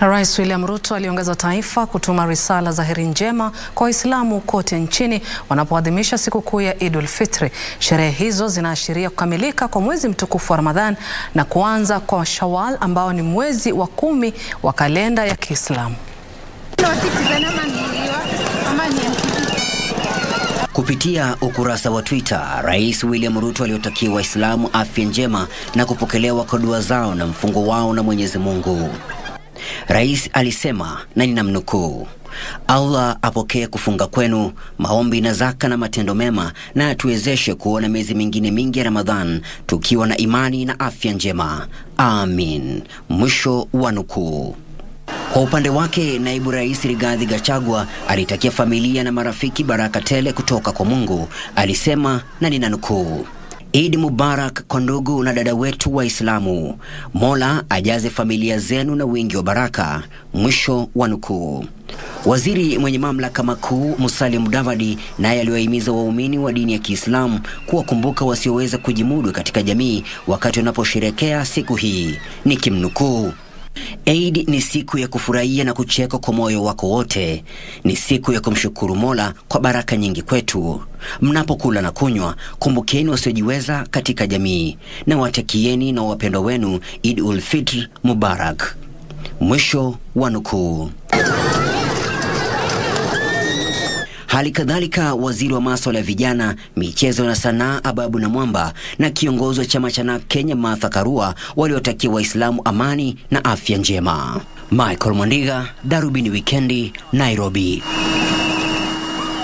Na Rais William Ruto aliongeza taifa kutuma risala za heri njema kwa Waislamu kote nchini wanapoadhimisha sikukuu ya Idul Fitri. Sherehe hizo zinaashiria kukamilika kwa mwezi mtukufu wa Ramadhan na kuanza kwa Shawal ambao ni mwezi wa kumi wa kalenda ya Kiislamu. Kupitia ukurasa wa Twitter, Rais William Ruto aliotakia Waislamu afya njema na kupokelewa kwa dua zao na mfungo wao na Mwenyezi Mungu. Rais alisema na ninamnukuu, Allah apokee kufunga kwenu, maombi na zaka na matendo mema, na atuwezeshe kuona miezi mingine mingi ya Ramadhan tukiwa na imani na afya njema, amin. Mwisho wa nukuu. Kwa upande wake naibu rais Rigathi Gachagua alitakia familia na marafiki baraka tele kutoka kwa Mungu. Alisema na ninanukuu Idi Mubarak kwa ndugu na dada wetu Waislamu. Mola ajaze familia zenu na wingi wa baraka. Mwisho wa nukuu. Waziri mwenye mamlaka makuu Musalia Mudavadi naye aliwahimiza waumini wa dini ya Kiislamu kuwakumbuka wasioweza kujimudu katika jamii wakati wanaposherekea siku hii, nikimnukuu Eid ni siku ya kufurahia na kucheka kwa moyo wako wote. Ni siku ya kumshukuru Mola kwa baraka nyingi kwetu. Mnapokula na kunywa, kumbukeni wasiojiweza katika jamii na watakieni na wapendwa wenu Eid ul Fitr Mubarak. Mwisho wa nukuu. Hali kadhalika waziri wa masuala ya vijana, michezo na sanaa Ababu Namwamba na kiongozi wa chama cha NARC Kenya Martha Karua waliotakia Waislamu amani na afya njema. Michael Mwandiga, Darubini Wikendi, Nairobi.